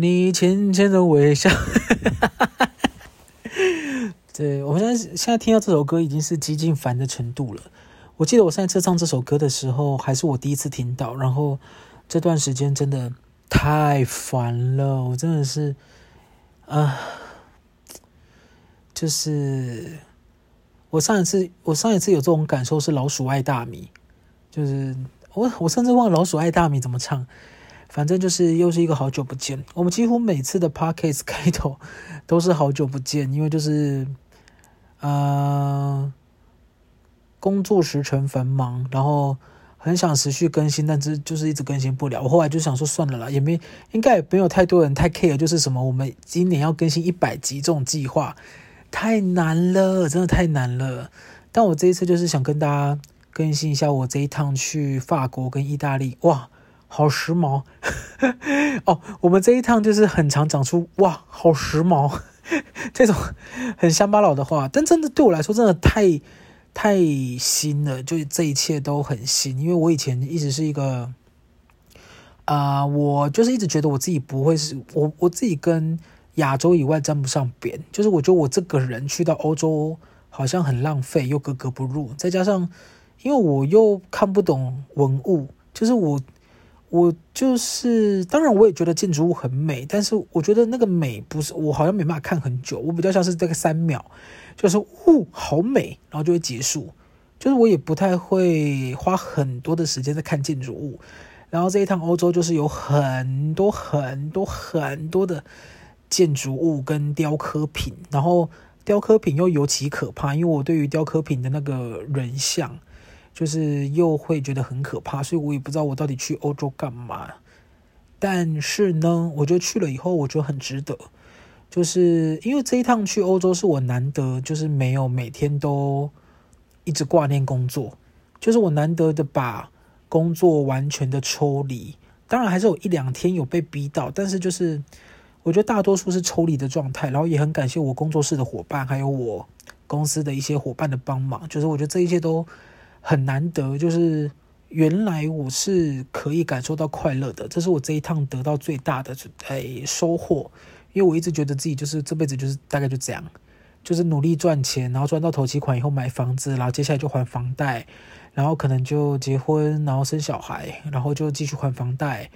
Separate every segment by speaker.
Speaker 1: 你淺淺的微笑， 對，對我們現在現在聽到這首歌已經是幾近煩的程度了。我記得我上一次唱這首歌的時候，還是我第一次聽到。然後這段時間真的太煩了，我真的是啊、呃，就是我上一次我上一次有這種感受是《老鼠愛大米》，就是我我甚至忘了《老鼠愛大米》怎麼唱。反正就是又是一個好久不見。我們幾乎每次的 Podcast 開頭都是好久不見，因為就是呃工作時程繁忙，然後很想持續更新，但是就是一直更新不了。我後來就想說算了啦，也沒應該也沒有太多人太 care，就是什麼我們今年要更新一百集這種計劃，太難了，真的太難了。但我這一次就是想跟大家更新一下我這一趟去法國跟意大利，哇！好時髦 哦！我們這一趟就是很常講出哇，好時髦 這種很鄉巴佬的話，但真的對我來說真的太太新了，就是這一切都很新，因為我以前一直是一個啊、呃，我就是一直覺得我自己不會是我我自己跟亞洲以外沾不上邊，就是我覺得我這個人去到歐洲好像很浪費又格格不入，再加上因為我又看不懂文物，就是我。我就是，當然我也覺得建築物很美，但是我覺得那個美不是我，好像沒辦法看很久，我比較像是這個三秒，就是哦，好美，然後就會結束，就是我也不太會花很多的時間在看建築物。然後這一趟歐洲就是有很多很多很多的建築物跟雕刻品，然後雕刻品又尤其可怕，因為我對於雕刻品的那個人像。就是又會覺得很可怕，所以我也不知道我到底去歐洲幹嘛。但是呢，我覺得去了以後，我覺得很值得。就是因為這一趟去歐洲是我難得，就是沒有每天都一直掛念工作，就是我難得的把工作完全的抽離。當然還是有一兩天有被逼到，但是就是我覺得大多數是抽離的狀態。然後也很感謝我工作室的夥伴，還有我公司的一些夥伴的幫忙。就是我覺得這一切都。很難得，就是原來我是可以感受到快樂的，這是我這一趟得到最大的哎收穫。因為我一直覺得自己就是這輩子就是大概就這樣，就是努力賺錢，然後賺到頭期款以後買房子，然後接下來就還房貸，然後可能就結婚，然後生小孩，然後就繼續還房貸。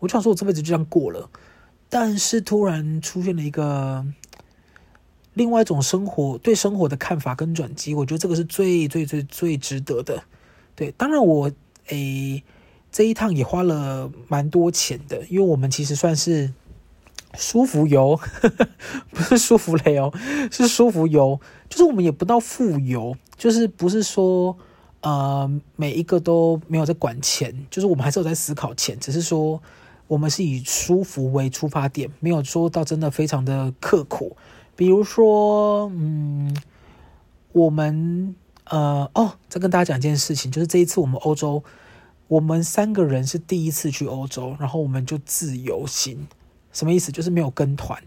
Speaker 1: 我就想說，我這輩子就這樣過了，但是突然出現了一個。另外一種生活，對生活的看法跟轉機，我覺得這個是最最最最最值得的。對，當然我誒、欸、這一趟也花了蠻多錢的，因為我們其實算是舒服遊，不是舒服累哦，是舒服遊。就是我們也不到富遊，就是不是說呃每一個都沒有在管錢，就是我們還是有在思考錢，只是說我們是以舒服為出發點，沒有說到真的非常的刻苦。比如說，嗯，我們呃，哦，再跟大家講一件事情，就是這一次我們歐洲，我們三個人是第一次去歐洲，然後我們就自由行，什麼意思？就是沒有跟團。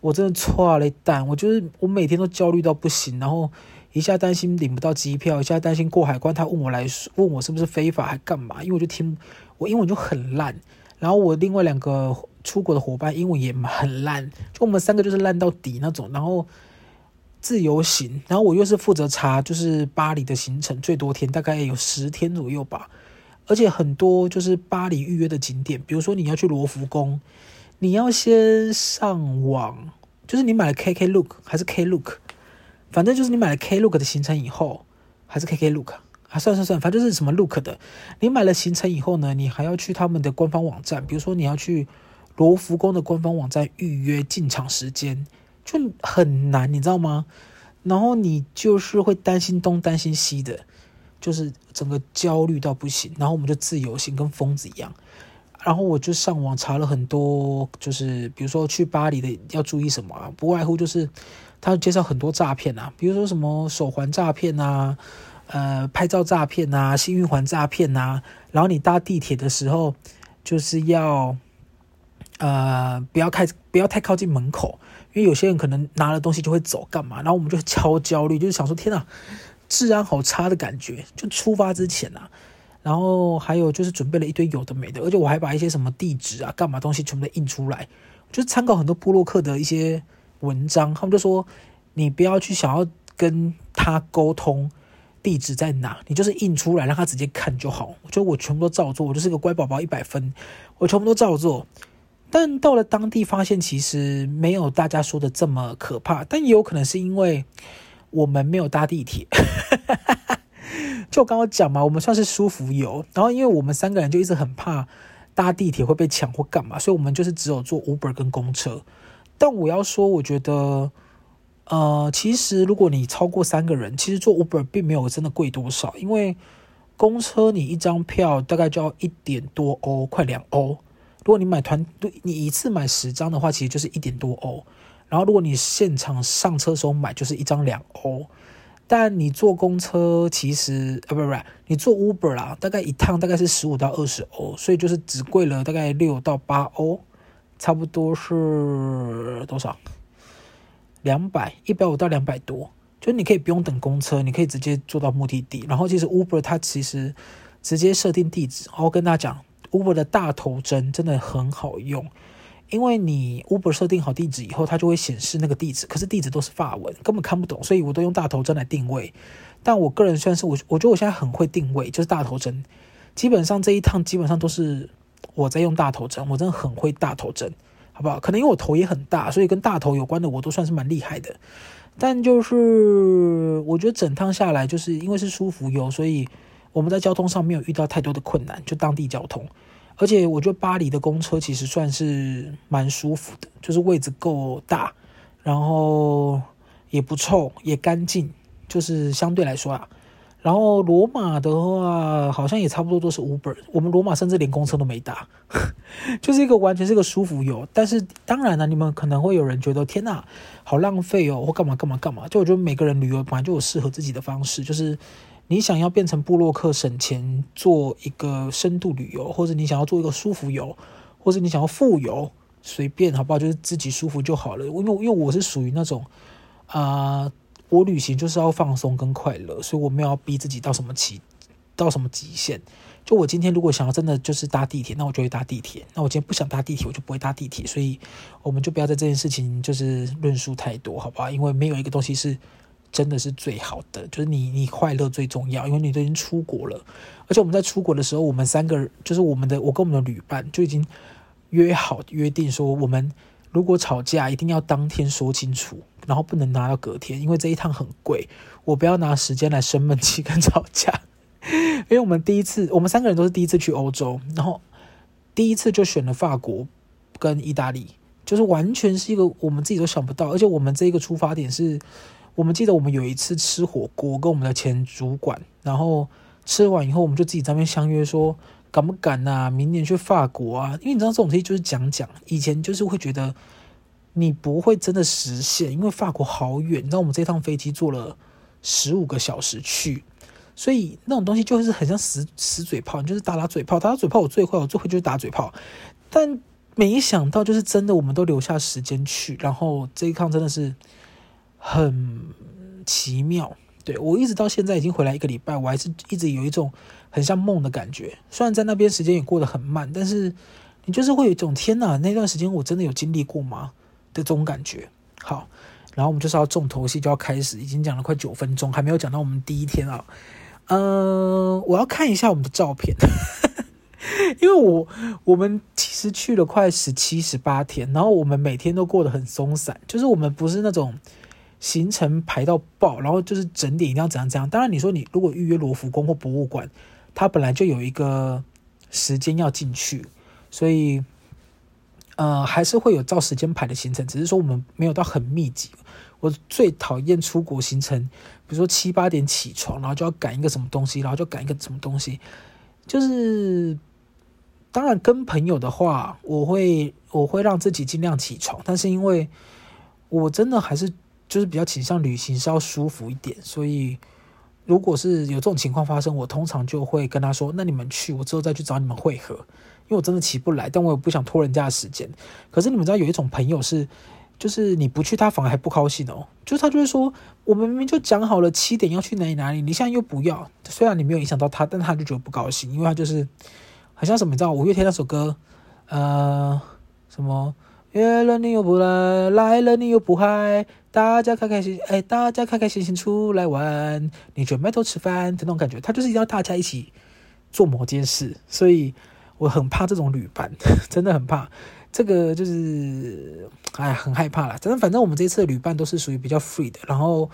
Speaker 1: 我真的錯了一旦，我就是我每天都焦慮到不行，然後一下擔心領不到機票，一下擔心過海關，他問我來問我是不是非法還幹嘛？因為我就聽我，因為我英文就很爛，然後我另外兩個。出國的夥伴英文也很爛，就我們三個就是爛到底那種。然後自由行，然後我又是負責查，就是巴黎的行程最多天大概有十天左右吧。而且很多就是巴黎預約的景點，比如說你要去羅浮宮，你要先上網，就是你買了 K K Look 還是 K Look，反正就是你買了 K Look 的行程以後，還是 K K Look，啊啊，算算算，反正是什麼 Look 的，你買了行程以後呢，你還要去他們的官方網站，比如說你要去。羅浮宮的官方網站預約進場時間就很難，你知道嗎？然後你就是會擔心東擔心西的，就是整個焦慮到不行。然後我們就自由行，跟瘋子一樣。然後我就上網查了很多，就是比如說去巴黎的要注意什麼啊，不外乎就是他介紹很多詐騙啊，比如說什麼手環詐騙啊，呃，拍照詐騙啊，幸運環詐騙啊。然後你搭地鐵的時候，就是要。呃，不要太不要太靠近門口，因為有些人可能拿了東西就會走，幹嘛？然後我們就超焦慮，就是想說天哪、啊，治安好差的感覺。就出發之前啊，然後還有就是準備了一堆有的沒的，而且我還把一些什麼地址啊、幹嘛東西全部都印出來，就參考很多部落客的一些文章，他們就說你不要去想要跟他溝通地址在哪，你就是印出來讓他直接看就好。我覺得我全部都照做，我就是個乖寶寶一百分，我全部都照做。但到了當地發現，其實沒有大家說的這麼可怕。但也有可能是因為我們沒有搭地鐵， 就我剛剛講嘛，我們算是舒服遊。然後因為我們三個人就一直很怕搭地鐵會被搶或幹嘛，所以我們就是只有坐 Uber 跟公車。但我要說，我覺得，呃，其實如果你超過三個人，其實坐 Uber 並沒有真的貴多少，因為公車你一張票大概就要一點多歐，快兩歐。如果你買團隊，你一次買十張的話，其實就是一點多歐。然後如果你現場上車的時候買，就是一張兩歐。但你坐公車其實啊、哎，不不，不，你坐 Uber 啦，大概一趟大概是十五到二十歐，所以就是只貴了大概六到八歐，差不多是多少？兩百一百五到兩百多，就你可以不用等公車，你可以直接坐到目的地。然後其實 Uber，它其實直接設定地址，然後跟大家講。Uber 的大頭針真的很好用，因為你 Uber 設定好地址以後，它就會顯示那個地址，可是地址都是法文，根本看不懂，所以我都用大頭針來定位。但我個人算是我，我覺得我現在很會定位，就是大頭針。基本上這一趟基本上都是我在用大頭針，我真的很會大頭針，好不好？可能因為我頭也很大，所以跟大頭有關的我都算是蠻厲害的。但就是我覺得整趟下來，就是因為是舒服油，所以。我們在交通上沒有遇到太多的困難，就當地交通，而且我覺得巴黎的公車其實算是蠻舒服的，就是位置夠大，然後也不臭，也乾淨，就是相對來說啊。然後羅馬的話，好像也差不多都是 Uber，我們羅馬甚至連公車都沒搭， 就是一個完全是個舒服遊。但是當然了，你們可能會有人覺得，天吶，好浪費哦，或幹嘛幹嘛幹嘛。就我覺得每個人旅遊本來就有適合自己的方式，就是。你想要變成部落客省錢做一個深度旅遊，或者你想要做一個舒服遊，或者你想要富遊，隨便好不好？就是自己舒服就好了。因為因為我是屬於那種，啊、呃，我旅行就是要放鬆跟快樂，所以我沒有要逼自己到什麼極到什麼極限。就我今天如果想要真的就是搭地鐵，那我就會搭地鐵；那我今天不想搭地鐵，我就不會搭地鐵。所以我們就不要在這件事情就是論述太多，好不好？因為沒有一個東西是。真的是最好的，就是你你快樂最重要，因為你都已經出國了，而且我們在出國的時候，我們三個就是我們的我跟我們的旅伴就已經約好約定說，我們如果吵架，一定要當天說清楚，然後不能拿到隔天，因為這一趟很貴，我不要拿時間來生悶氣跟吵架， 因為我們第一次，我們三個人都是第一次去歐洲，然後第一次就選了法國跟意大利，就是完全是一個我們自己都想不到，而且我們這一個出發點是。我們記得我們有一次吃火鍋，跟我們的前主管，然後吃完以後，我們就自己在那邊相約說，敢不敢吶、啊？明年去法國啊？因為你知道這種東西就是講講，以前就是會覺得你不會真的實現，因為法國好遠，你知道我們這趟飛機坐了十五個小時去，所以那種東西就是很像死死嘴炮，你就是打打嘴炮，打打嘴炮我最快。我最會，我最會就是打嘴炮，但沒想到就是真的，我們都留下時間去，然後這一趟真的是。很奇妙，對，我一直到現在已經回來一個禮拜，我還是一直有一種很像夢的感覺。雖然在那邊時間也過得很慢，但是你就是會有一種天吶，那段時間我真的有經歷過嗎？的這種感覺。好，然後我們就是要重頭戲就要開始，已經講了快九分鐘，還沒有講到我們第一天啊。嗯、呃，我要看一下我們的照片， 因為我我們其實去了快十七十八天，然後我們每天都過得很鬆散，就是我們不是那種。行程排到爆，然後就是整點一定要怎樣怎樣。當然，你說你如果預約羅浮宮或博物館，它本來就有一個時間要進去，所以呃，還是會有照時間排的行程。只是說我們沒有到很密集。我最討厭出國行程，比如說七八點起床，然後就要趕一個什麼東西，然後就趕一個什麼東西。就是當然跟朋友的話，我會我會讓自己尽量起床，但是因為我真的還是。就是比較傾向旅行，是要舒服一點。所以，如果是有這種情況發生，我通常就會跟他說：“那你們去，我之後再去找你們會合。”因為我真的起不來，但我也不想拖人家的時間。可是你們知道，有一種朋友是，就是你不去，他反而還不高興哦。就是他就會說：“我們明明就講好了七點要去哪裡哪裡，你現在又不要。”雖然你沒有影響到他，但他就覺得不高興，因為他就是好像什麼，你知道五月天那首歌，呃，什麼？耶，約了你又不來，來了你又不嗨，大家開開心哎，大家開開心心出來玩，你就埋頭吃飯這種感覺，他就是要大家一起做某件事，所以我很怕這種旅伴，真的很怕。這個就是哎，很害怕啦。真的反正我們這次旅伴都是屬於比較 free 的，然後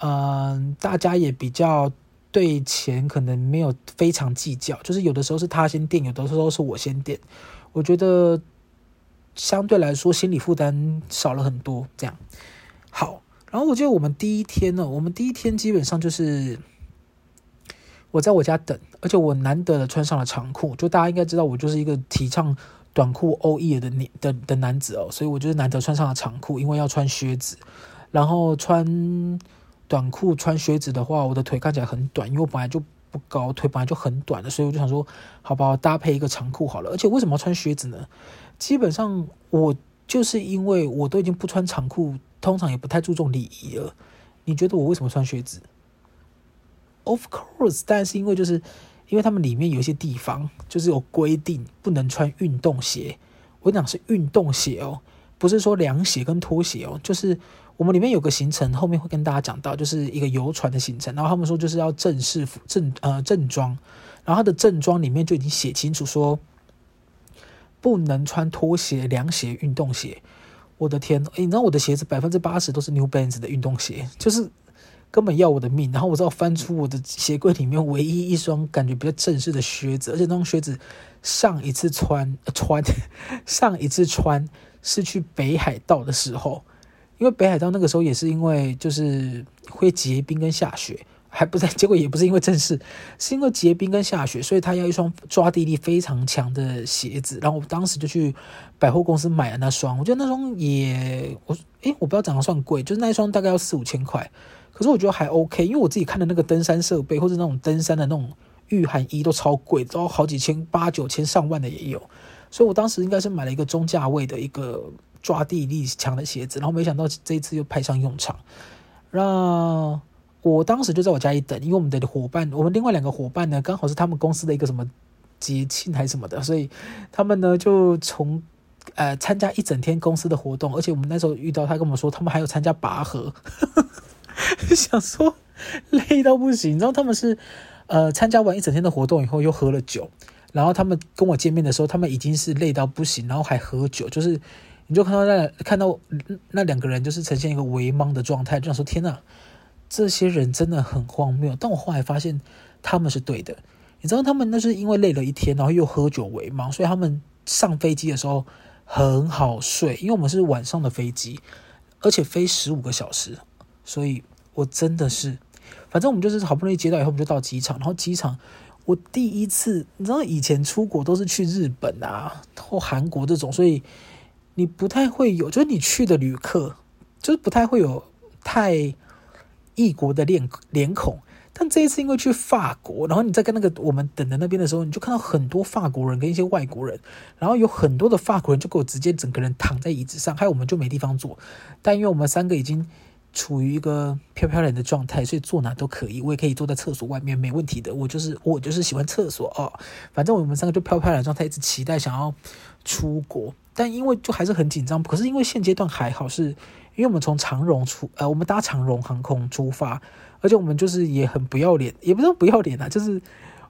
Speaker 1: 嗯，大家也比較對錢可能沒有非常計較，就是有的時候是他先墊，有的時候是我先墊，我覺得。相對來說，心理負擔少了很多，這樣好，然後我記得我們第一天呢，我們第一天基本上就是我在我家等，而且我難得的穿上了長褲。就大家應該知道，我就是一個提倡短褲歐耶的男的的，的男子哦，所以我就是難得穿上了長褲，因為要穿靴子。然後穿短褲穿靴子的話，我的腿看起來很短，因為我本來就不高，腿本來就很短的，所以我就想說，好不好搭配一個長褲好了。而且為什麼要穿靴子呢？基本上我就是因為我都已經不穿長褲，通常也不太注重禮儀了。你覺得我為什麼穿靴子？Of course，但是因為就是因為他們裡面有一些地方就是有規定不能穿運動鞋。我講是運動鞋哦、喔，不是說涼鞋跟拖鞋哦、喔。就是我們裡面有個行程，後面會跟大家講到，就是一個遊船的行程。然後他們說就是要正式服正、呃、正裝，然後他的正裝裡面就已經寫清楚說，不能穿拖鞋、涼鞋、運動鞋。我的天，欸，你知道我的鞋子百分之八十都是 New Balance 的運動鞋，就是根本要我的命。然後我只好翻出我的鞋櫃裡面唯一一雙感覺比較正式的靴子，而且那雙靴子上一次穿、呃、穿上一次穿是去北海道的時候，因為北海道那個時候也是因為就是會結冰跟下雪。還不是，結果也不是因為正式，是因為結冰跟下雪，所以他要一雙抓地力非常強的鞋子。然後我當時就去百貨公司買了那雙，我覺得那雙也我誒、欸，我不知道怎樣算貴，就是那一雙大概要四五千塊，可是我覺得還 OK，因為我自己看的那個登山設備或者是那種登山的那種御寒衣都超貴，都好幾千、八九千、上萬的也有。所以我當時應該是買了一個中價位的一個抓地力強的鞋子，然後沒想到這一次又派上用場，讓。我當時就在我家裡等，因為我們的夥伴，我們另外兩個夥伴呢，剛好是他們公司的一個什麼節慶還是什麼的，所以他們呢就從呃參加一整天公司的活動，而且我們那時候遇到他跟我們說，他們還有參加拔河呵呵，想說累到不行。然後他們是呃參加完一整天的活動以後又喝了酒，然後他們跟我見面的時候，他們已經是累到不行，然後還喝酒，就是你就看到那看到那兩個人就是呈現一個微茫的狀態，就想說天哪、啊。這些人真的很荒謬，但我後來發現他們是對的。你知道，他們那是因為累了一天，然後又喝酒為忙，所以他們上飛機的時候很好睡。因為我們是晚上的飛機，而且飛十五個小時，所以我真的是，反正我們就是好不容易接到以後，我們就到機場。然後機場，我第一次，你知道，以前出國都是去日本啊或韓國這種，所以你不太會有，就是你去的旅客就是不太會有太異國的臉臉孔，但這一次因為去法國，然後你在跟那個我們等的那邊的時候，你就看到很多法國人跟一些外國人，然後有很多的法國人就給我直接整個人躺在椅子上，還有我們就沒地方坐。但因為我們三個已經處於一個飄飄然的狀態，所以坐哪都可以，我也可以坐在廁所外面，沒問題的。我就是我就是喜歡廁所哦，反正我們三個就飄飄然狀態，一直期待想要出國，但因為就還是很緊張。可是因為現階段還好是。因為我們從長榮出，呃，我們搭長榮航空出發，而且我們就是也很不要臉，也不是不要臉啊，就是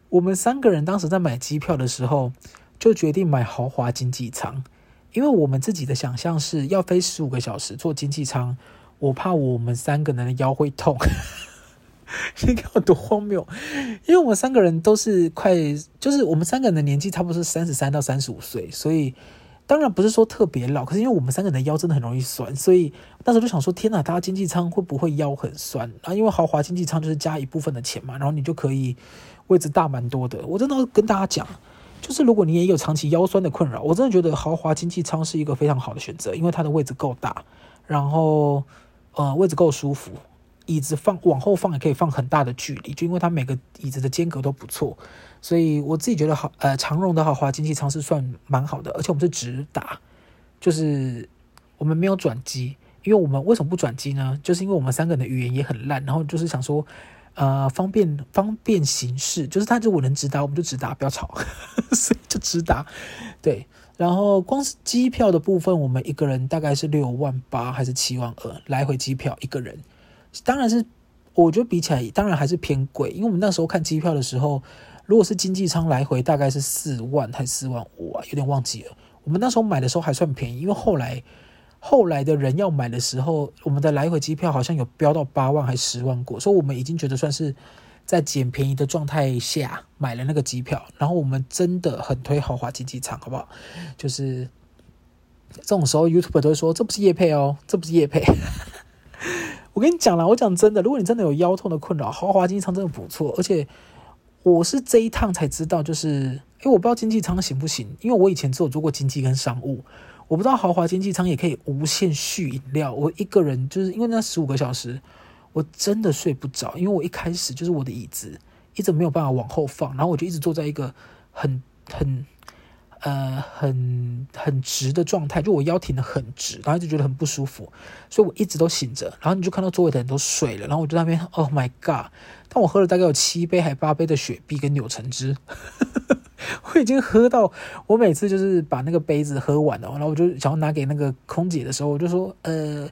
Speaker 1: 我們三個人當時在買機票的時候，就決定買豪華經濟艙，因為我們自己的想象是要飛十五個小時，坐經濟艙，我怕我們三個人的腰會痛， 你看我多荒謬，因為我們三個人都是快，就是我們三個人的年紀差不多是三十三到三十五歲，所以。當然不是說特別老，可是因為我們三個人的腰真的很容易痠，所以當時就想說：天吶，搭經濟艙會不會腰很痠啊？因為豪華經濟艙就是加一部分的錢嘛，然後你就可以位置大蠻多的。我真的跟大家講，就是如果你也有長期腰痠的困擾，我真的覺得豪華經濟艙是一個非常好的選擇，因為它的位置夠大，然後呃，位置夠舒服。椅子放，往後放也可以放很大的距離，就因為它每個椅子的間隔都不錯，所以我自己覺得好。呃，長榮的豪華經濟艙是算蠻好的，而且我們是直達，就是我們沒有轉機，因為我們為什麼不轉機呢？就是因為我們三個人的語言也很爛，然後就是想說，呃，方便方便行事，就是他如果能直達，我們就直達，不要吵， 所以就直達。對，然後光是機票的部分，我們一個人大概是六萬八還是七萬二，來回機票一個人。當然是，我覺得比起來，當然還是偏貴。因為我們那時候看機票的時候，如果是經濟艙來回大概是四萬還是四萬五啊，有點忘記了。我們那時候買的時候還算便宜，因為後來後來的人要買的時候，我們的來回機票好像有飆到八萬還是十萬過，所以我們已經覺得算是在撿便宜的狀態下買了那個機票。然後我們真的很推豪華經濟艙，好不好？就是這種時候，YouTuber 都會說，這不是業配哦，這不是業配。 我跟你講了，我講真的，如果你真的有腰痛的困擾，豪華經濟艙真的不錯。而且我是這一趟才知道，就是，哎、欸，我不知道經濟艙行不行，因為我以前只有坐過經濟跟商務，我不知道豪華經濟艙也可以無限續飲料。我一個人就是因為那十五個小時，我真的睡不着，因為我一開始就是我的椅子一直沒有辦法往後放，然後我就一直坐在一個很很。呃，很很直的狀態，就我腰挺得很直，然後就覺得很不舒服，所以我一直都醒着。然後你就看到周圍的人都睡了，然後我就那邊，Oh my God！但我喝了大概有七杯還八杯的雪碧跟柳橙汁， 我已經喝到，我每次就是把那個杯子喝完了，然後我就想要拿給那個空姐的時候，我就說，呃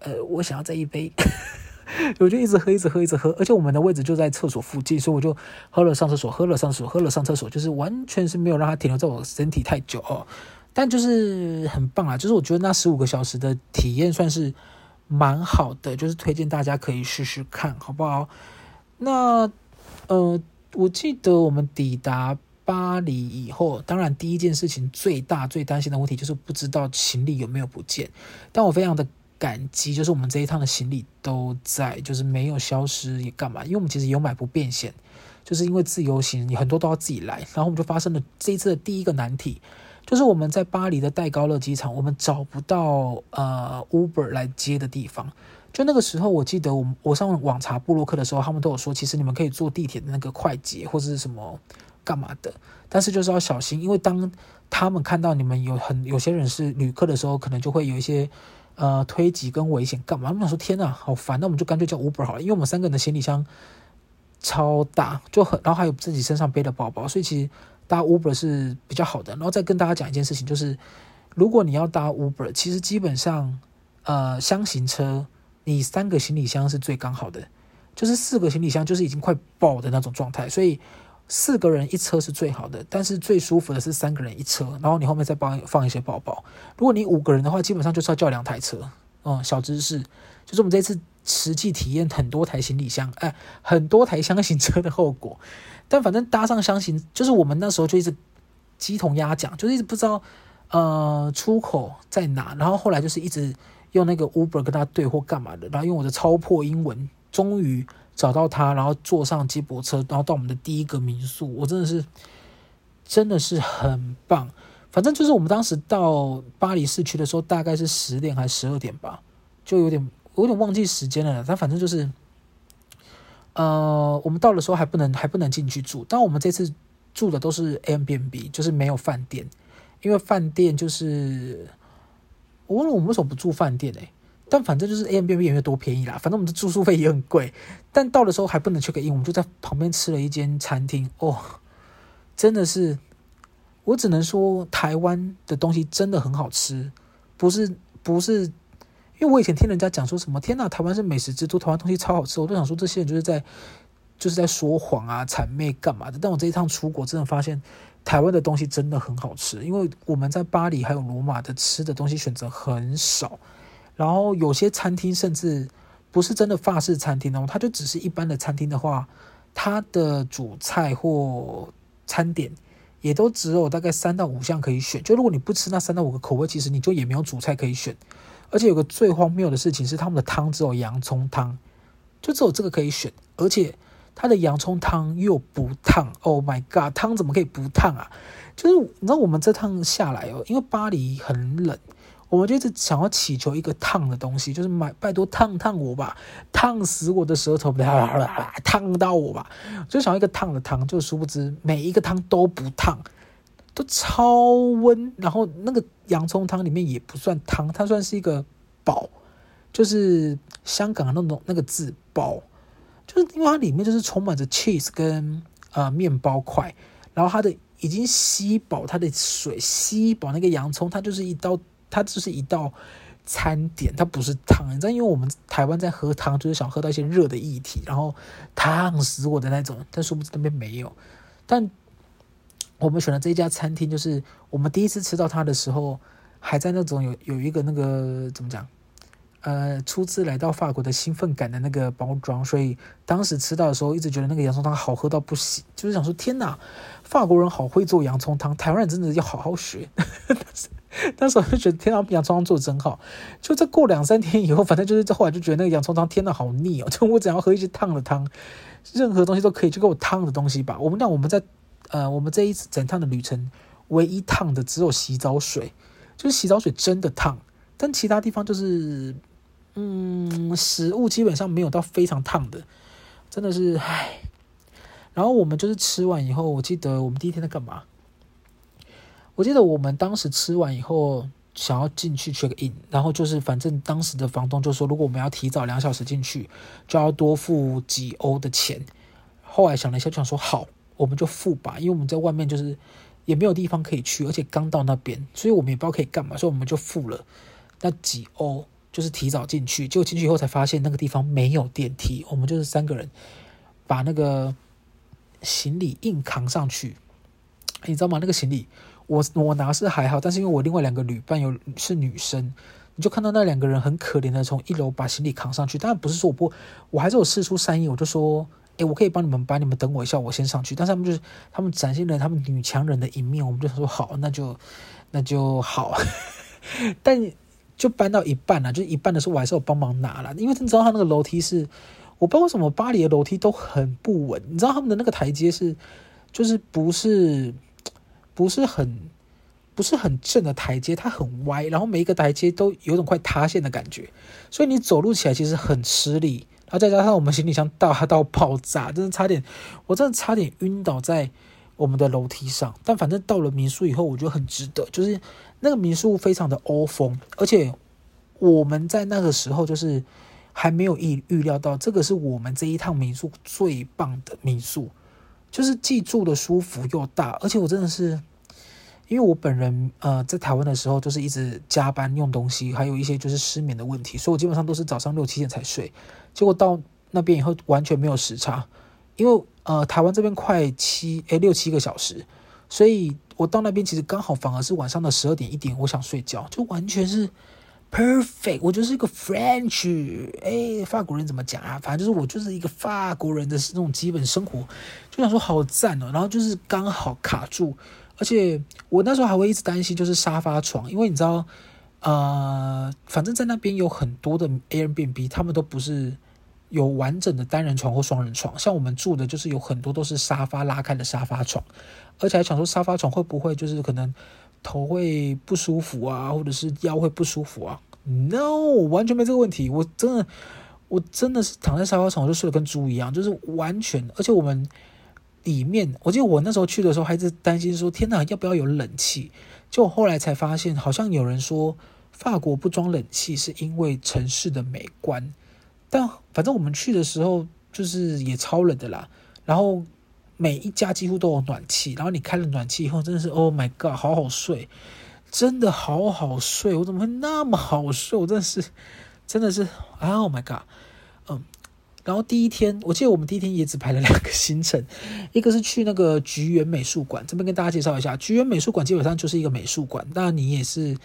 Speaker 1: 呃，我想要再一杯。 我就一直喝，一直喝，一直喝，而且我們的位置就在廁所附近，所以我就喝了上廁所，喝了上廁所，喝了上廁所，就是完全是沒有讓它停留在我身體太久哦，但就是很棒啊！就是我覺得那十五個小時的體驗算是蠻好的，就是推薦大家可以試試看，好不好？那呃，我記得我們抵達巴黎以後，當然第一件事情最大最擔心的問題就是不知道行李有沒有不見，但我非常的。感激，就是我們這一趟的行李都在，就是沒有消失也幹嘛？因為我們其實有買不便險，就是因為自由行，你很多都要自己來。然後我們就發生了這一次的第一個難題，就是我們在巴黎的戴高樂機場，我們找不到呃 Uber 來接的地方。就那個時候，我記得我我上網查部落客的時候，他們都有說，其實你們可以坐地鐵的那個快捷或者是什麼幹嘛的，但是就是要小心，因為當他們看到你們有很有些人是旅客的時候，可能就會有一些。呃，推擠跟危險幹嘛？我們想說天吶，好煩。那我們就乾脆叫 Uber 好了，因為我們三個人的行李箱超大，就很。然後還有自己身上背的包包，所以其實搭 Uber 是比較好的。然後再跟大家講一件事情，就是如果你要搭 Uber，其實基本上，呃，箱型車你三個行李箱是最剛好的，就是四個行李箱就是已經快爆的那種狀態，所以。四個人一車是最好的，但是最舒服的是三個人一車，然後你後面再幫放一些包包。如果你五個人的話，基本上就是要叫兩台車。嗯，小知識就是我們這次實際體驗很多台行李箱，哎，很多台箱型車的後果。但反正搭上箱型，就是我們那時候就一直雞同鴨講，就是一直不知道呃出口在哪，然後後來就是一直用那個 Uber 跟他對貨幹嘛的，然後用我的超破英文，終於。找到他，然後坐上接駁車，然後到我們的第一個民宿。我真的是，真的是很棒。反正就是我們當時到巴黎市區的時候，大概是十點還是十二點吧，就有點我有點忘記時間了。但反正就是，呃，我們到的時候還不能還不能進去住。但我們這次住的都是 Airbnb，就是沒有飯店，因為飯店就是我忘了我們為什麼不住飯店哎。但反正就是 Airbnb 也沒有多便宜啦，反正我們的住宿費也很貴。但到的時候還不能 check in，我們就在旁邊吃了一間餐廳。哦，真的是，我只能說台灣的東西真的很好吃，不是不是，因為我以前聽人家講說什麼天吶、啊，台灣是美食之都，台灣東西超好吃，我都想說這些人就是在就是在說謊啊，諂媚幹嘛的？但我這一趟出國真的發現，台灣的東西真的很好吃，因為我們在巴黎還有羅馬的吃的東西選擇很少，然後有些餐廳甚至。不是真的法式餐廳哦，它就只是一般的餐廳的話，它的主菜或餐點也都只有大概三到五項可以選。就如果你不吃那三到五個口味，其實你就也沒有主菜可以選。而且有個最荒謬的事情是，他們的湯只有洋蔥湯，就只有這個可以選。而且它的洋蔥湯又不燙，Oh my God，湯怎麼可以不燙啊？就是你知道我們這趟下來哦，因為巴黎很冷。我就一直想要祈求一個燙的東西，就是買拜托燙燙我吧，燙死我的舌頭，不要，燙到我吧，就想要一個燙的湯。就殊不知每一個湯都不燙，都超溫。然後那個洋蔥湯裡面也不算湯，它算是一個煲，就是香港的那種那個字煲，就是因為它裡面就是充滿着 cheese 跟呃麵包塊，然後它的已經吸飽它的水，吸飽那個洋蔥，它就是一刀。它就是一道餐點，它不是湯。你知道，因為我們台灣在喝湯，就是想喝到一些熱的液體，然後燙死我的那種。但殊不知那邊沒有。但我們選的這一家餐廳，就是我們第一次吃到它的時候，還在那種有有一個那個怎麼講？呃，初次來到法國的興奮感的那個包裝。所以當時吃到的時候，一直覺得那個洋蔥湯好喝到不行，就是想說天哪，法國人好會做洋蔥湯，台灣人真的要好好學。 但是我就覺得天吶，洋蔥湯做的真好。就這過兩三天以後，反正就是這後來就覺得那個洋蔥湯，天吶，好膩哦！就我只要喝一些燙的湯，任何東西都可以，就給我燙的東西吧。我們倆，我們在呃，我們這一整趟的旅程，唯一燙的只有洗澡水，就是洗澡水真的燙。但其他地方就是，嗯，食物基本上沒有到非常燙的，真的是唉。然後我們就是吃完以後，我記得我們第一天在幹嘛？我記得我們當時吃完以後，想要進去 check in，然後就是反正當時的房東就說，如果我們要提早兩小時進去，就要多付幾歐的錢。後來想了一下，就想說好，我們就付吧，因為我們在外面就是也沒有地方可以去，而且剛到那邊，所以我們也不知道可以幹嘛，所以我們就付了那幾歐，就是提早進去。結果進去以後才發現那個地方沒有電梯，我們就是三個人把那個行李硬扛上去，你知道嗎？那個行李。我我拿是還好，但是因為我另外兩個旅伴有是女生，你就看到那兩個人很可憐的從一樓把行李扛上去。當然不是說我不，我還是有釋出善意，我就說，哎、欸，我可以幫你們搬，你們等我一下，我先上去。但是他們就是他們展現了他們女強人的一面，我們就說好，那就那就好。 但就搬到一半了，就是，一半的時候，我還是有幫忙拿了，因為你知道他那個樓梯是，我不知道為什麼巴黎的樓梯都很不穩，你知道他們的那個台階是，就是不是。不是很不是很正的台階，它很歪，然後每一個台階都有種快塌陷的感覺，所以你走路起來其實很吃力。然後再加上我們行李箱大到，到爆炸，真的差點，我真的差點暈倒在我們的樓梯上。但反正到了民宿以後，我覺得很值得。就是那個民宿非常的歐風，而且我們在那個時候就是還沒有意預料到，這個是我們這一趟民宿最棒的民宿。就是既住得舒服又大，而且我真的是，因為我本人呃在台灣的時候就是一直加班用東西，還有一些就是失眠的問題，所以我基本上都是早上六七點才睡。結果到那邊以後完全沒有時差，因為呃台灣這邊快七誒、欸，六七個小時，所以我到那邊其實剛好反而是晚上的十二點一點，我想睡覺，就完全是。Perfect，我就是一個 French，哎，法國人怎麼講啊？反正就是我就是一個法國人的那種基本生活，就想說好讚哦。然後就是剛好卡住，而且我那時候還會一直擔心，就是沙發床，因為你知道，呃，反正在那邊有很多的 Airbnb，他們都不是有完整的單人床或雙人床，像我們住的就是有很多都是沙發拉開的沙發床，而且還想說沙發床會不會就是可能。頭會不舒服啊，或者是腰會不舒服啊？No，完全沒這個問題。我真的，我真的是躺在沙發床，我就睡得跟豬一樣，就是完全。而且我們裡面，我記得我那時候去的時候還是擔心說，天哪，要不要有冷氣？就後來才發現，好像有人說法國不裝冷氣是因為城市的美觀，但反正我們去的時候就是也超冷的啦。然後。每一家幾乎都有暖氣，然後你開了暖氣以後，真的是，Oh my god，好好睡，真的好好睡，我怎麼會那麼好睡？我真的是，真的是 Oh my god，嗯。然後第一天，我記得我們第一天也只排了兩個行程，一個是去那個橘園美術館，這邊跟大家介紹一下，橘園美術館基本上就是一個美術館，那你也是，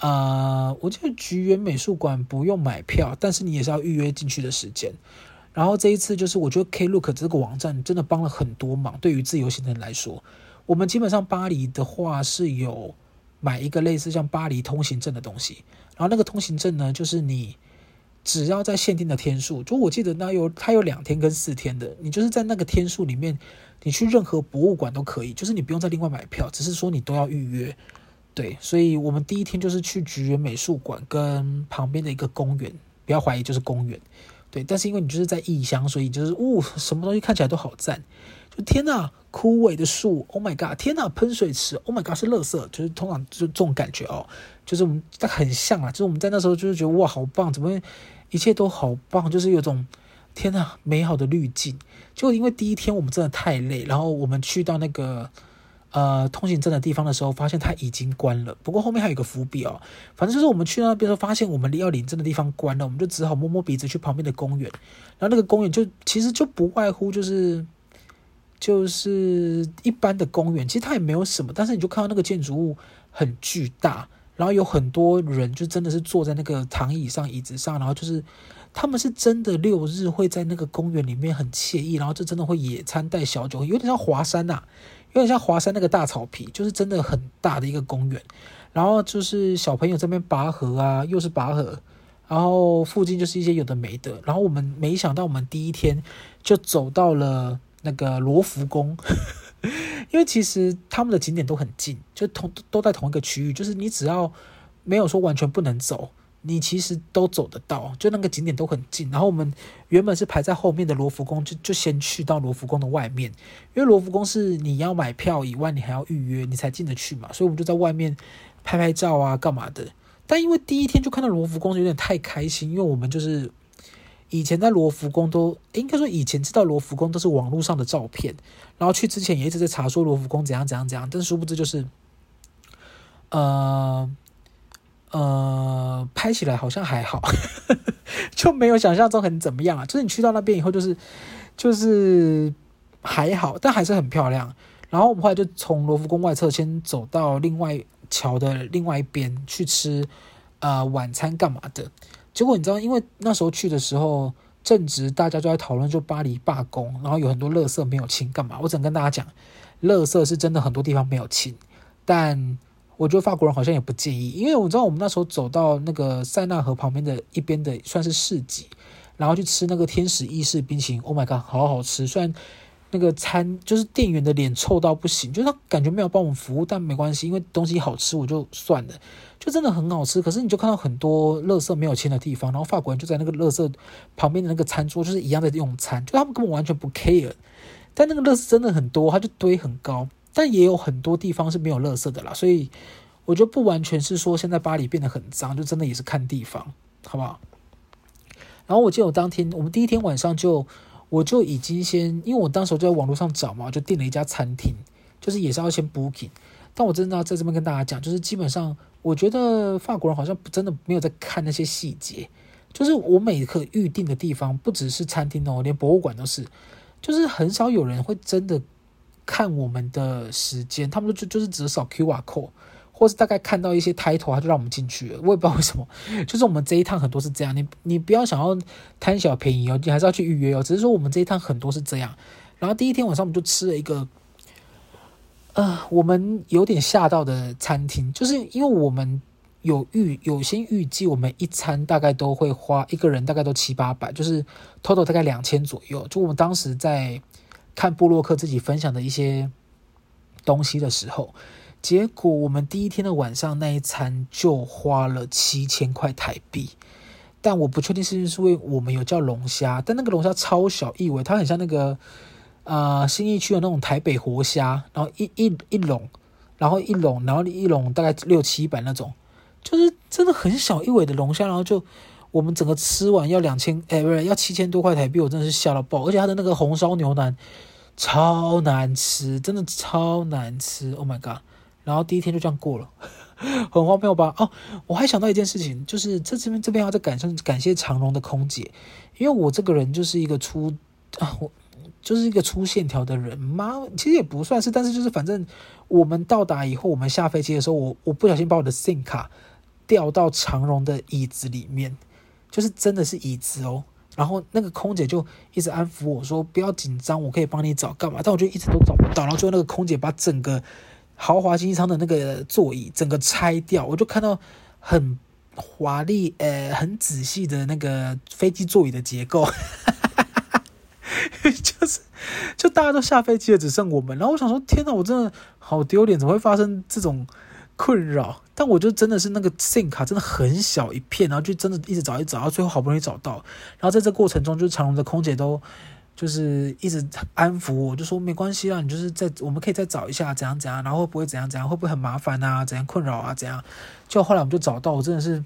Speaker 1: 呃，我記得橘園美術館不用買票，但是你也是要預約進去的時間。然後這一次就是，我覺得 Klook 這個網站真的幫了很多忙。對於自由行的人來說，我們基本上巴黎的話是有買一個類似像巴黎通行證的東西。然後那個通行證呢，就是你只要在限定的天數，就我記得那有它有兩天跟四天的，你就是在那個天數裡面，你去任何博物館都可以，就是你不用再另外買票，只是說你都要預約。對，所以我們第一天就是去橘園美術館跟旁邊的一個公園，不要懷疑就是公園。對，但是因為你就是在異鄉，所以就是嗚，什麼東西看起來都好讚，就天吶，枯萎的樹，Oh my god，天吶，噴水池，Oh my god，是樂色，就是通常就這種感覺哦，就是我們但很像啊，就是我們在那時候就是覺得哇，好棒，怎麼一切都好棒，就是有種天吶美好的濾鏡，就因為第一天我們真的太累，然後我們去到那個。呃，通行證的地方的時候，發現它已經關了。不過後面還有一個伏筆哦，反正就是我們去那邊的時候，發現我們要領證的地方關了，我們就只好摸摸鼻子去旁邊的公園。然後那個公園就其實就不外乎就是就是一般的公園，其實它也沒有什麼。但是你就看到那個建築物很巨大，然後有很多人就真的是坐在那個躺椅上、椅子上，然後就是。他們是真的六日會在那個公園裡面很愜意，然後就真的會野餐帶小酒，有點像華山吶、啊，有點像華山那個大草皮，就是真的很大的一個公園，然後就是小朋友這邊拔河啊，又是拔河，然後附近就是一些有的沒的，然後我們沒想到我們第一天就走到了那個羅浮宮， 因為其實他們的景點都很近，就同，都在同一個區域，就是你只要沒有說完全不能走。你其實都走得到，就那個景點都很近。然後我們原本是排在後面的羅浮宮，就就先去到羅浮宮的外面，因為羅浮宮是你要買票以外，你還要預約，你才進得去嘛。所以我們就在外面拍拍照啊，幹嘛的，但因為第一天就看到羅浮宮，有點太開心，因為我們就是以前在羅浮宮都應該說以前知道羅浮宮都是網路上的照片，然後去之前也一直在查說羅浮宮怎樣怎樣怎樣，但殊不知就是，呃。呃，拍起來好像還好，呵呵，就沒有想象中很怎麼樣啊。就是你去到那邊以後，就是就是還好，但還是很漂亮。然後我們後來就從羅浮宮外側先走到另外橋的另外一邊去吃呃晚餐、幹嘛的。結果你知道，因為那時候去的時候正值大家就在討論就巴黎罷工，然後有很多垃圾沒有清幹嘛。我只能跟大家講，垃圾是真的很多地方沒有清，但。我覺得法國人好像也不介意，因為我知道我們那時候走到那個塞納河旁邊的一邊的算是市集，然後去吃那個天使意式冰淇淋。Oh my god，好，好好吃！雖然那個餐就是店員的臉臭到不行，就他感覺沒有幫我們服務，但沒關係，因為東西好吃我就算了，就真的很好吃。可是你就看到很多垃圾沒有清的地方，然後法國人就在那個垃圾旁邊的那個餐桌就是一樣的用餐，就他們根本完全不 care。但那個垃圾真的很多，他就堆很高。但也有很多地方是沒有垃圾的啦，所以我覺得不完全是說現在巴黎變得很髒，就真的也是看地方，好不好？然後我記得我當天我們第一天晚上就我就已經先，因為我當時就在網絡上找嘛，就訂了一家餐廳，就是也是要先 booking。但我真的要在這邊跟大家講，就是基本上我覺得法國人好像真的沒有在看那些細節，就是我每一刻預定的地方不只是餐廳哦，連博物館都是，就是很少有人會真的。看我們的時間，他們就就是只是掃 QR code，或是大概看到一些 title，他就讓我們進去了。我也不知道為什麼，就是我們這一趟很多是這樣。你你不要想要貪小便宜哦，你還是要去預約哦。只是說我們這一趟很多是這樣。然後第一天晚上我們就吃了一個，呃，我們有點嚇到的餐廳，就是因為我們有預有先預計，我們一餐大概都會花一個人大概都七八百，就是 total 大概兩千左右。就我們當時在。看部落客自己分享的一些東西的時候，結果我們第一天的晚上那一餐就花了七千塊台幣。但我不確定是不是因為我們有叫龍蝦，但那個龍蝦超小一尾，它很像那個啊、呃、信義區的那種台北活蝦，然後一一一籠，然後一籠，然後一籠大概六七百那種，就是真的很小一尾的龍蝦，然後就。我們整個吃完要兩千，哎，不是要七千多塊台幣，我真的是嚇到爆！而且他的那個紅燒牛腩超難吃，真的超難吃，Oh my god！然後第一天就這樣過了，呵呵很荒謬吧？哦，我還想到一件事情，就是這這邊這邊要再感謝感謝長榮的空姐，因為我這個人就是一個粗，我、啊、就是一個粗線條的人嘛，其實也不算是，但是就是反正我們到達以後，我們下飛機的時候，我我不小心把我的 SIM 卡掉到長榮的椅子裡面。就是真的是椅子哦，然後那個空姐就一直安撫我說，不要緊張，我可以幫你找幹嘛？但我就一直都找不到，然後最後那個空姐把整個豪華經濟艙的那個座椅整個拆掉，我就看到很華麗、呃很仔細的那個飛機座椅的結構， 就是就大家都下飛機了，只剩我們。然後我想說，天哪，我真的好丟臉，怎麼會發生這種？困擾，但我就真的是那個 SIM 卡、啊、真的很小一片，然後就真的一直找一直找，到最後好不容易找到。然後在這過程中，就是長榮的空姐都就是一直安撫我，就說沒關係啦，你就是在我們可以再找一下，怎樣怎樣，然後會不會怎樣怎樣，會不會很麻煩啊，怎樣困擾啊，怎樣。就後來我們就找到，我真的是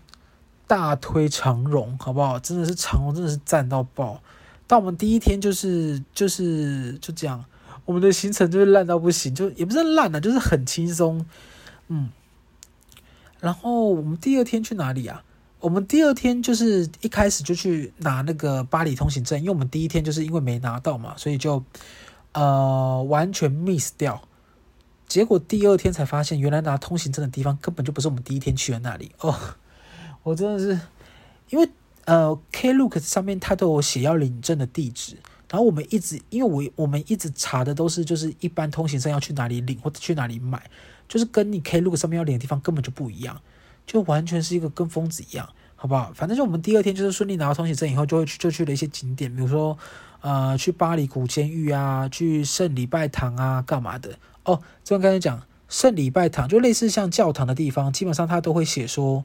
Speaker 1: 大推長榮，好不好？真的是長榮真的是讚到爆。但我們第一天就是就是就這樣，我們的行程就是爛到不行，就也不是爛啊，就是很輕鬆，嗯。然後我們第二天去哪裡啊？我們第二天就是一開始就去拿那個巴黎通行證，因為我們第一天就是因為沒拿到嘛，所以就呃完全 miss 掉。結果第二天才發現，原來拿通行證的地方根本就不是我們第一天去的那裡。哦，我真的是，因為呃 Klook 上面它都有寫要領證的地址。然後我們一直，因為我我們一直查的都是就是一般通行證要去哪裡領或者去哪裡買，就是跟你 Klook 上面要領的地方根本就不一樣，就完全是一個跟瘋子一樣，好不好？反正就我們第二天就是順利拿到通行證以後，就會去就去了一些景點，比如說呃去巴黎古監獄啊，去聖禮拜堂啊，幹嘛的。哦，這邊剛才講聖禮拜堂就類似像教堂的地方，基本上他都會寫說，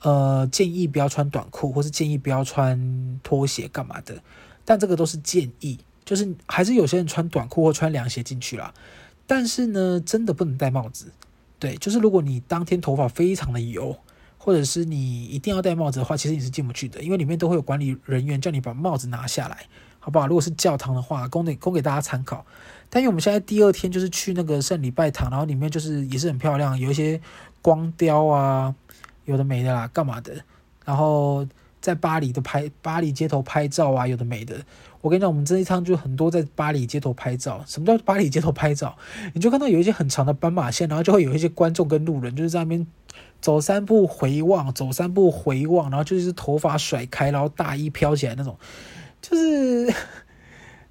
Speaker 1: 呃建議不要穿短褲，或是建議不要穿拖鞋幹嘛的。但這個都是建議，就是還是有些人穿短褲或穿涼鞋進去啦，但是呢，真的不能戴帽子。對，就是如果你當天頭髮非常的油，或者是你一定要戴帽子的話，其實你是進不去的，因為裡面都會有管理人員叫你把帽子拿下來，好不好？如果是教堂的話，供給供給大家參考。但因為我們現在第二天就是去那個聖禮拜堂，然後裡面就是也是很漂亮，有一些光雕啊，有的沒的啦，幹嘛的，然後。在巴黎的拍，巴黎街頭拍照啊，有的沒的。我跟你講，我們這一趟就很多在巴黎街頭拍照。什麼叫巴黎街頭拍照？你就看到有一些很長的斑馬線，然後就會有一些觀眾跟路人就是在那邊走三步回望，走三步回望，然後就是頭髮甩開，然後大衣飄起來那種，就是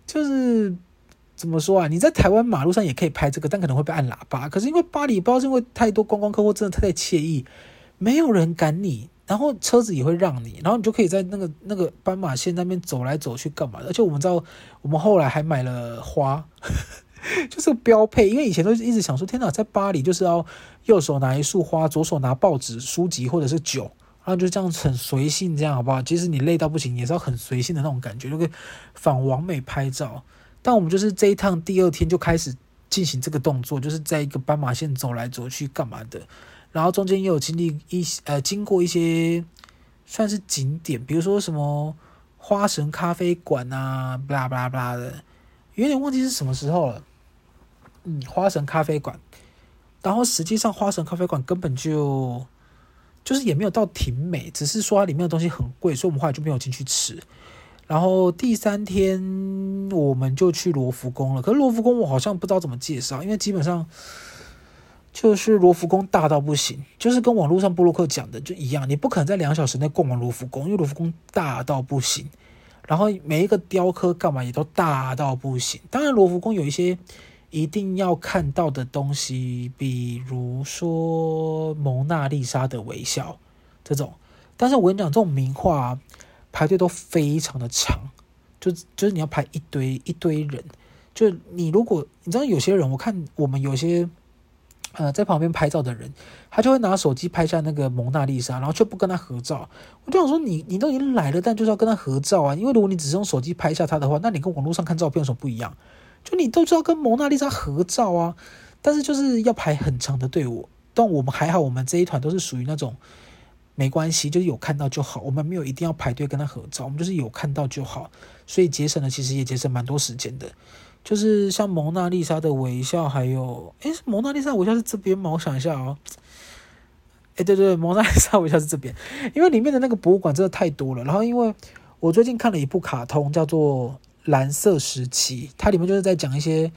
Speaker 1: 就是怎麼說啊？你在台灣馬路上也可以拍這個，但可能會被按喇叭。可是因為巴黎，不知道是因為太多觀光客，或真的太在愜意，沒有人趕你。然後車子也會讓你，然後你就可以在那個那個斑馬線那邊走來走去幹嘛的？而且我們知道，我們後來還買了花呵呵，就是標配，因為以前都一直想說，天哪，在巴黎就是要右手拿一束花，左手拿報紙、書籍或者是酒，然後就這樣很隨性，這樣好不好？即使你累到不行，也是要很隨性的那種感覺，就可以仿完美拍照。但我們就是這一趟第二天就開始進行這個動作，就是在一個斑馬線走來走去幹嘛的。然後中間也有經歷一呃經過一些算是景點，比如說什麼花神咖啡館啊，巴拉巴拉巴拉的，有點忘記是什麼時候了。嗯，花神咖啡館，然後實際上花神咖啡館根本就就是也沒有到挺美，只是說它裡面的東西很貴，所以我們後來就沒有進去吃。然後第三天我們就去羅浮宮了，可是羅浮宮我好像不知道怎麼介紹，因為基本上。就是羅浮宮大到不行，就是跟網絡上部落客講的就一樣，你不可能在兩小時內逛完羅浮宮，因為羅浮宮大到不行。然後每一個雕刻幹嘛也都大到不行。當然，羅浮宮有一些一定要看到的東西，比如說蒙娜麗莎的微笑這種。但是我跟你講，這種名畫排隊都非常的長，就就是你要排一堆一堆人。就你如果你知道有些人，我看我們有些。呃，在旁邊拍照的人，他就會拿手機拍下那個蒙娜麗莎，然後卻不跟他合照。我就想說你，你你都已經來了，但就是要跟他合照啊？因為如果你只是用手機拍下他的話，那你跟網絡上看照片有什麼不一樣？就你都知道跟蒙娜麗莎合照啊，但是就是要排很長的隊伍。但我們還好，我們這一團都是屬於那種沒關係，就是有看到就好。我們沒有一定要排隊跟他合照，我們就是有看到就好，所以節省了其實也節省蠻多時間的。就是像蒙娜麗莎的微笑，還有，誒、欸，是蒙娜麗莎微笑是這邊嗎？我想一下啊、哦，誒、欸，對對，蒙娜麗莎微笑是這邊，因為裡面的那個博物館真的太多了。然後，因為我最近看了一部卡通，叫做《藍色時期》，它裡面就是在講一些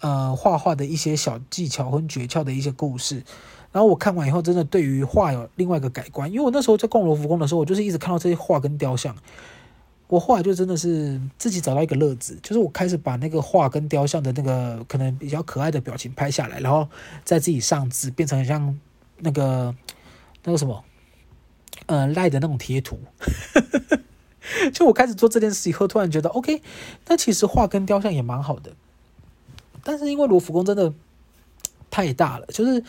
Speaker 1: 呃畫畫的一些小技巧和訣竅的一些故事。然後我看完以後，真的對於畫有另外一個改觀，因為我那時候在逛羅浮宮的時候，我就是一直看到這些畫跟雕像。我後來就真的是自己找到一個樂子，就是我開始把那個畫跟雕像的那個可能比較可愛的表情拍下來，然後再自己上字，變成很像那個那個什麼，呃，LINE 的那種貼圖。 就我開始做這件事以後，突然覺得 OK，那其實畫跟雕像也蠻好的，但是因為羅浮宮真的太大了，就是。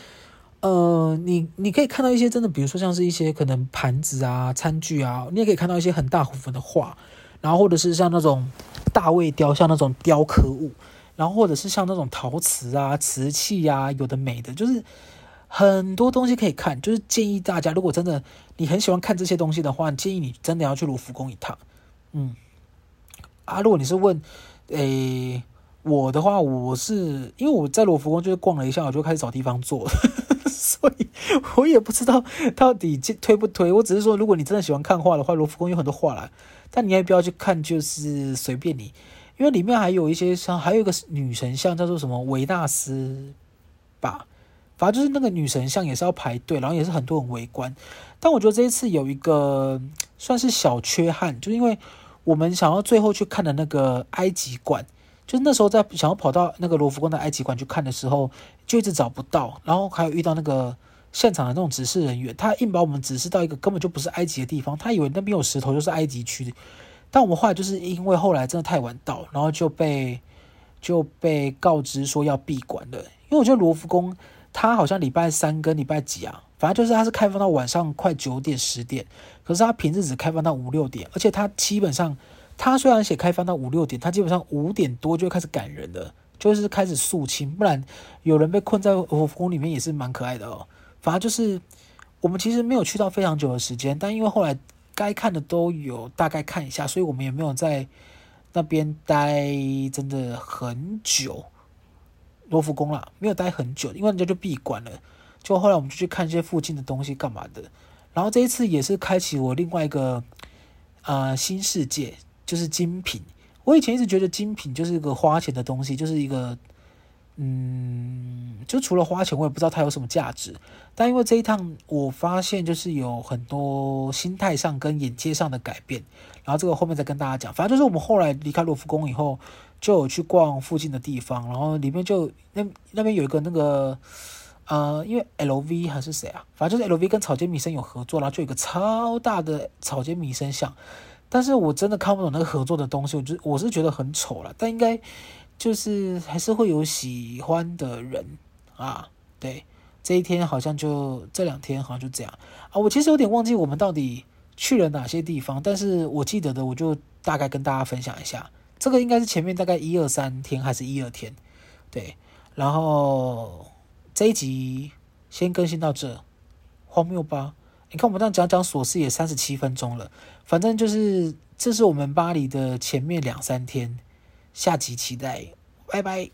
Speaker 1: 呃，你你可以看到一些真的，比如說像是一些可能盤子啊、餐具啊，你也可以看到一些很大幅的畫，然後或者是像那種大衛雕像那種雕刻物，然後或者是像那種陶瓷啊、瓷器呀、啊，有的美的就是很多東西可以看，就是建議大家，如果真的你很喜歡看這些東西的話，建議你真的要去盧浮宮一趟。嗯，啊，如果你是問，誒，我的話，我是因為我在盧浮宮就是逛了一下，我就開始找地方坐。我我也不知道到底推不推，我只是說，如果你真的喜歡看畫的話，羅浮宮有很多畫啦，但你也不要去看，就是隨便你，因為裡面還有一些像，還有一個女神像，叫做什麼維納斯吧，反正就是那個女神像也是要排隊，然後也是很多人圍觀。但我覺得這一次有一個算是小缺憾，就是因為我們想要最後去看的那個埃及館，就是那時候在想要跑到那個羅浮宮的埃及館去看的時候。就一直找不到，然後還有遇到那個現場的那種指示人員，他硬把我們指示到一個根本就不是埃及的地方，他以為那邊有石頭就是埃及區。但我們後來就是因為後來真的太晚到，然後就被就被告知說要閉館了。因為我覺得羅浮宮它好像禮拜三跟禮拜幾啊，反正就是它是開放到晚上快九點十點，可是它平日只開放到五六點，而且它基本上它雖然寫開放到五六點，它基本上五點多就開始趕人的。就是開始肅清，不然有人被困在羅浮宮裡面也是蠻可愛的哦。反正就是我們其實沒有去到非常久的時間，但因為後來該看的都有大概看一下，所以我們也沒有在那邊待真的很久。羅浮宮啦，沒有待很久，因為人家就閉館了。就後來我們就去看一些附近的東西幹嘛的。然後這一次也是開啟我另外一個啊，呃，新世界，就是精品。我以前一直覺得精品就是一個花錢的東西，就是一個，嗯，就除了花錢，我也不知道它有什麼價值。但因為這一趟，我發現就是有很多心態上跟眼界上的改變。然後這個後面再跟大家講。反正就是我們後來離開羅浮宮以後，就有去逛附近的地方，然後裡面就那那邊有一個那個，呃，因為 LV 還是誰啊？反正就是 LV 跟草間彌生有合作，然後就有一個超大的草間彌生像。但是我真的看不懂那個合作的東西，我就我是覺得很醜了。但應該就是還是會有喜歡的人啊。對，這一天好像就這兩天好像就這樣啊。我其實有點忘記我們到底去了哪些地方，但是我記得的，我就大概跟大家分享一下。這個應該是前面大概一二三天，還是一二天？對。然後這一集先更新到這，荒謬吧？你看我們這樣講講瑣事也三十七分鐘了。反正就是，這是我們巴黎的前面兩三天，下集期待，拜拜。